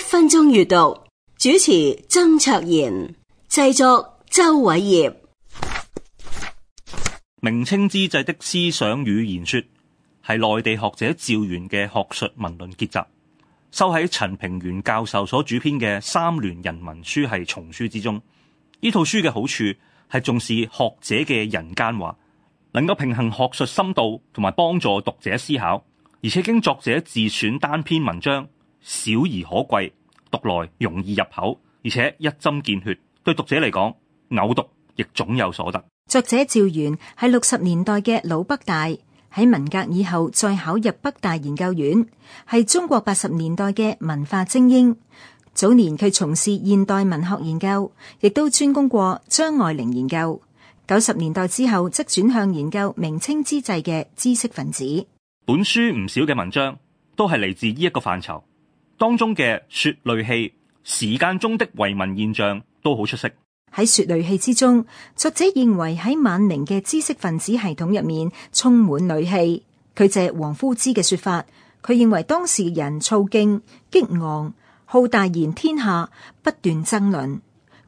一分鐘閱讀，主持曾卓賢，製作周偉業。明清之際的思想與言說係內地學者趙元嘅學術文論結集，收喺陳平原教授所主編嘅《三聯人文書系》叢書之中。呢套書嘅好處係重視學者嘅人間話，能夠平衡學術深度同埋幫助讀者思考，而且經作者自選單篇文章。小而可貴，讀來容易入口，而且一針見血。對讀者嚟講，偶讀亦總有所得。作者趙元係六十年代嘅老北大，喺文革以後再考入北大研究院，係中國八十年代嘅文化精英。早年佢從事現代文學研究，亦都專攻過張愛玲研究。九十年代之後，即轉向研究明清之際嘅知識分子。本書唔少嘅文章都係嚟自呢一個範疇。當中嘅《說戾氣》，時間中的遺民現象都好出色。喺《說戾氣》之中，作者認為喺晚明嘅知識分子系統入面充滿戾氣。佢借王夫之嘅說法，佢認為當時人躁競、激昂、好大言天下，不斷爭論。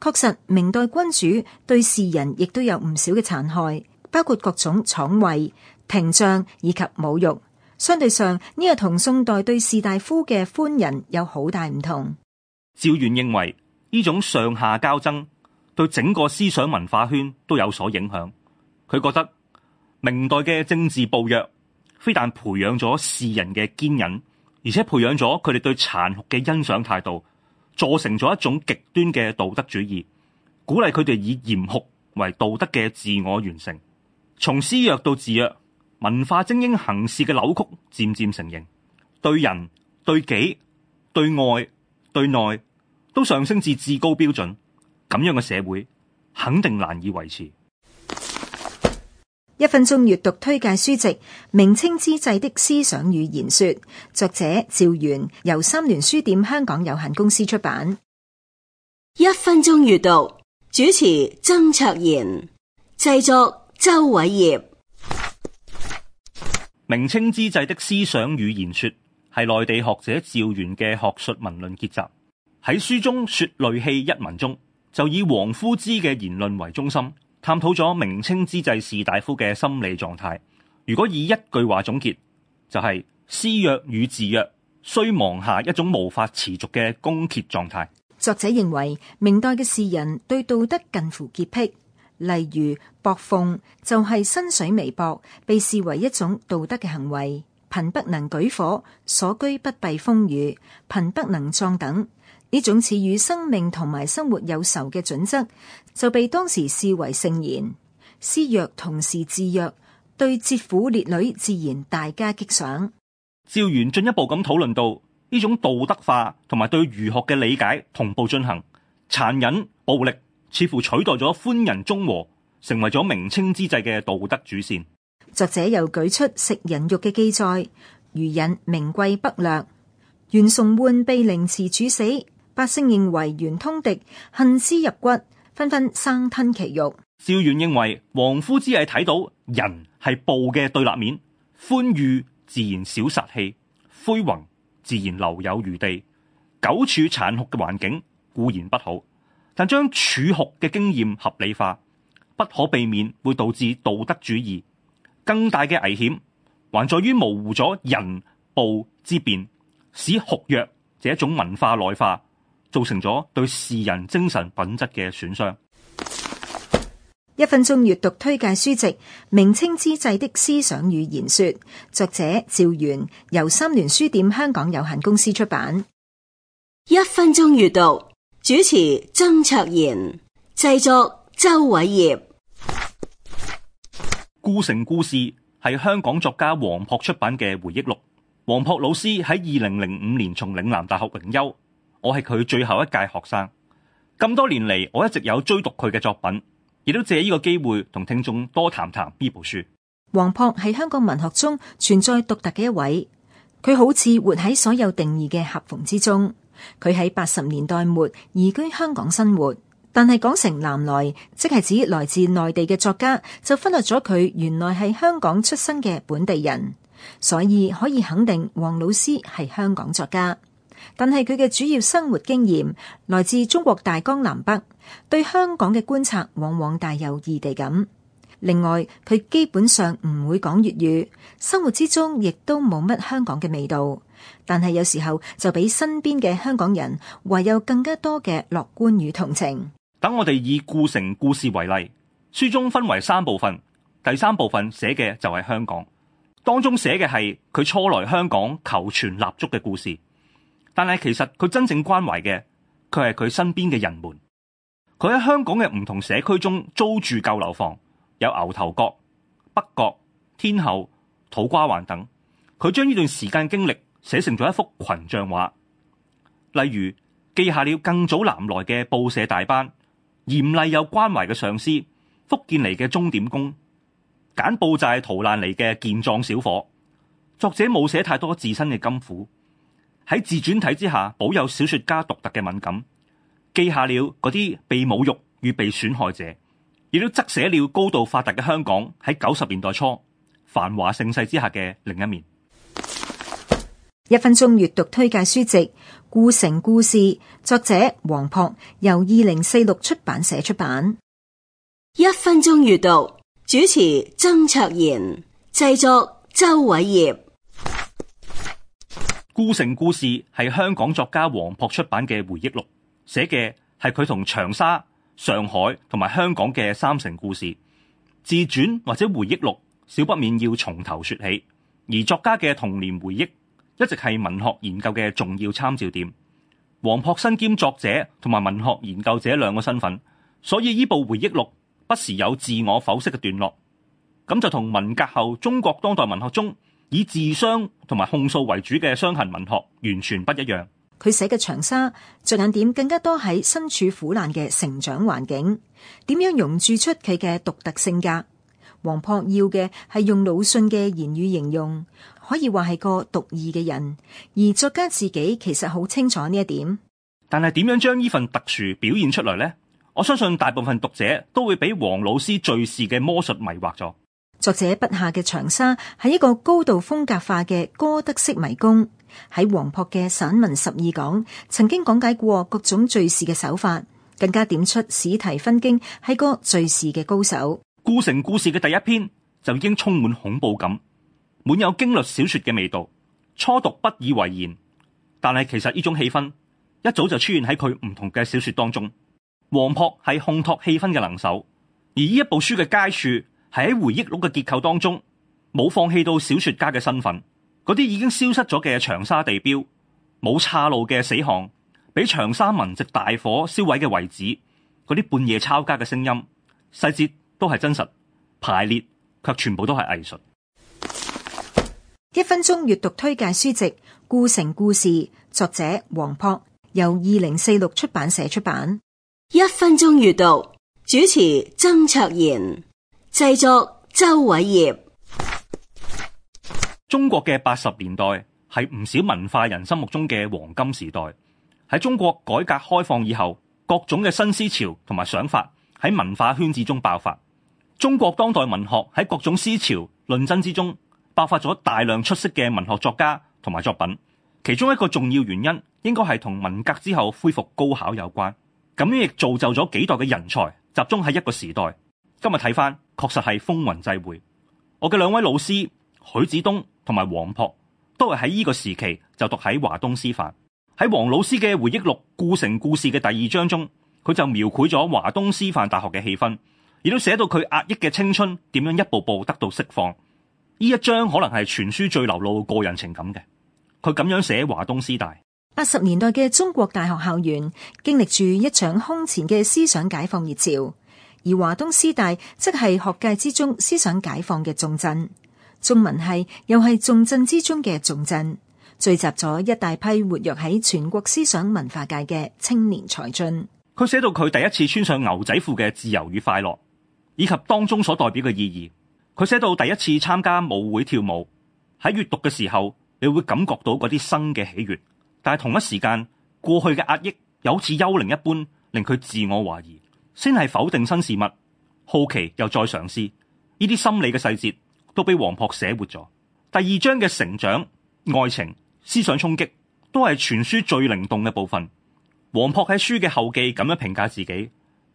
確實，明代君主對士人亦都有唔少嘅殘害，包括各種廠衛、廷杖以及侮辱。相對上呢，這個同宋代對士大夫嘅寬仁有好大唔同。趙元認為呢種上下交爭對整個思想文化圈都有所影響。佢覺得明代嘅政治暴虐，非但培養咗士人嘅堅忍，而且培養咗佢哋對殘酷嘅欣賞態度，造成咗一種極端嘅道德主義，鼓勵佢哋以嚴酷為道德嘅自我完成，從施虐到自虐。文化精英行事嘅扭曲漸漸成形，對人、對己、對外、對內都上升至至高標準，咁樣嘅社會肯定難以維持。一分鐘閱讀推介書籍《明清之際的思想與言說》，作者趙源，由三聯書店香港有限公司出版。一分鐘閱讀主持曾卓賢，製作周偉業。明清之際的思想與言說係內地學者趙園嘅學術文論結集。喺書中《說戾氣》一文中，就以王夫之嘅言論為中心，探討咗明清之際士大夫嘅心理狀態。如果以一句話總結，就係、是、施虐與自虐，衰亡下一種無法持續嘅攻訐狀態。作者認為明代嘅士人對道德近乎潔癖。例如薄奉就係、是、薪水微薄，被視為一種道德嘅行為。貧不能舉火，所居不避風雨，貧不能葬等呢種似與生命同埋生活有仇嘅準則，就被當時視為聖言。施虐同時自虐，對折苦烈女自然大加激賞。趙元進一步咁討論到呢種道德化同埋對儒學嘅理解同步進行，殘忍暴力。似乎取代咗寬仁中和，成為咗明清之際嘅道德主線。作者又舉出食人肉嘅記載，如人名貴不良，袁崇煥被凌遲處死，百姓認為袁通敵，恨之入骨，紛紛生吞其肉。趙遠認為王夫之係睇到人係暴嘅對立面，寬裕自然少殺氣，恢宏，自然留有餘地。久處殘酷嘅環境固然不好。但將處學嘅經驗合理化，不可避免會導致道德主義。更大嘅危險，還在於模糊咗仁暴之辨，使學約這種文化內化，造成咗對士人精神品質嘅損傷。一分鐘閱讀推介書籍《明清之際的思想與言說》，作者趙源，由三聯書店香港有限公司出版。一分鐘閱讀。主持曾卓賢，製作周偉業。故城故事係香港作家王璞出版嘅回憶錄。王璞老師喺二零零五年從嶺南大學榮休，我係佢最後一屆學生。咁多年嚟，我一直有追讀佢嘅作品，亦都借呢個機會同聽眾多談談呢部書。王璞係香港文學中存在獨特嘅一位，佢好似活喺所有定義嘅夾縫之中。佢喺八十年代末移居香港生活，但係講成南來，即係指來自內地嘅作家，就忽略咗佢原來係香港出生嘅本地人，所以可以肯定王老師係香港作家。但係佢嘅主要生活經驗來自中國大江南北，對香港嘅觀察往往帶有異地感。另外，佢基本上唔會講粵語，生活之中亦都冇乜香港嘅味道。但係有時候就比身邊嘅香港人懷有更加多嘅樂觀與同情。等我哋以故城故事為例，書中分為三部分，第三部分寫嘅就係香港，當中寫嘅係佢初來香港求存立足嘅故事。但係其實佢真正關懷嘅，佢係佢身邊嘅人們。佢喺香港嘅唔同社區中租住舊樓房。有牛頭角、北角、天后、土瓜灣等，佢將呢段時間經歷寫成咗一幅群像畫。例如，記下了更早南來嘅報社大班，嚴厲又關懷嘅上司，福建嚟嘅鐘點工，柬埔寨逃難嚟嘅健壯小伙。作者冇寫太多自身嘅甘苦，喺自傳體之下保有小說家獨特嘅敏感，記下了嗰啲被侮辱與被損害者。亦都側寫了高度發達嘅香港喺九十年代初繁華盛世之下嘅另一面。一分鐘閱讀推介書籍《故城故事》，作者王璞，由二零四六出版社出版。一分鐘閱讀主持曾卓賢，製作周偉業。《故城故事》係香港作家王璞出版嘅回憶錄，寫嘅係佢同長沙、上海同埋香港嘅三城故事。自傳或者回憶錄，少不免要從頭說起。而作家嘅童年回憶，一直係文學研究嘅重要參照點。王璞身兼作者同埋文學研究者兩個身份，所以依部回憶錄不時有自我剖析嘅段落。咁就同文革後中國當代文學中以自傷同埋控訴為主嘅傷痕文學完全不一樣。佢寫嘅長沙，着眼點更加多喺身處苦難嘅成長環境，點樣融鑄出佢嘅獨特性格。王璞要嘅係用魯迅嘅言語形容，可以話係個獨異嘅人，而作家自己其實好清楚呢一點。但係點樣將呢份特殊表現出來呢？我相信大部分讀者都會俾王老師敘事嘅魔術迷惑咗。作者筆下嘅長沙係一個高度風格化嘅哥德式迷宮。喺王璞嘅散文十二講曾經講解過各種敘事嘅手法，更加點出史提芬京係個敘事嘅高手。故城故事嘅第一篇就已經充滿恐怖感，滿有驚慄小說嘅味道。初讀不以為然，但係其實呢種氣氛一早就出現喺佢唔同嘅小說當中。王璞係烘托氣氛嘅能手，而呢一部書嘅佳處係喺回憶錄嘅結構當中冇放棄到小說家嘅身份。嗰啲已經消失咗嘅長沙地標，冇岔路嘅死巷，俾長沙文夕大火燒毀嘅遺址，嗰啲半夜抄家嘅聲音，細節都係真實，排列卻全部都係藝術。一分鐘閱讀推介書籍《故城故事》，作者王璞，由二零四六出版社出版。一分鐘閱讀主持曾卓然，製作周偉業。中國嘅八十年代，係唔少文化人心目中嘅黃金時代。喺中國改革開放以後，各種嘅新思潮同埋想法喺文化圈子中爆發。中國當代文學喺各種思潮論爭之中爆發咗大量出色嘅文學作家同埋作品。其中一個重要原因，應該係同文革之後恢復高考有關。咁樣亦造就咗幾代嘅人才集中喺一個時代。今日睇翻，確實係風雲際會。我嘅兩位老師許子東，同埋王璞都係喺呢個時期就讀喺華東師範。喺王老師嘅回憶錄《故城故事》嘅第二章中，佢就描繪咗華東師範大學嘅氣氛，亦都寫到佢壓抑嘅青春點樣一步步得到釋放。呢一章可能係全書最流露個人情感嘅。佢咁樣寫華東師大。八十年代嘅中國大學校園經歷住一場空前嘅思想解放熱潮，而華東師大則係學界之中思想解放嘅重鎮。中文系又係重鎮之中嘅重鎮，聚集咗一大批活躍喺全國思想文化界嘅青年才俊。佢寫到佢第一次穿上牛仔褲嘅自由與快樂，以及當中所代表嘅意義。佢寫到第一次參加舞會跳舞，喺閱讀嘅時候，你會感覺到嗰啲新嘅喜悅，但係同一時間過去嘅壓抑，有似幽靈一般令佢自我懷疑，先係否定新事物。好奇又再嘗試，呢啲心理嘅細節。都俾王璞寫活咗。第二章嘅成長、愛情、思想衝擊，都係全書最靈動嘅部分。王璞喺書嘅後記咁樣評價自己，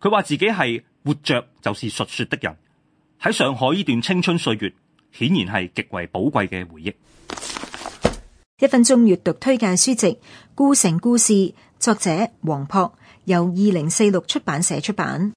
佢話自己係活着就是述說的人。喺上海呢段青春歲月，顯然係極為寶貴嘅回憶。一分鐘閱讀推介書籍《故城故事》，作者王璞，由二零四六出版社出版。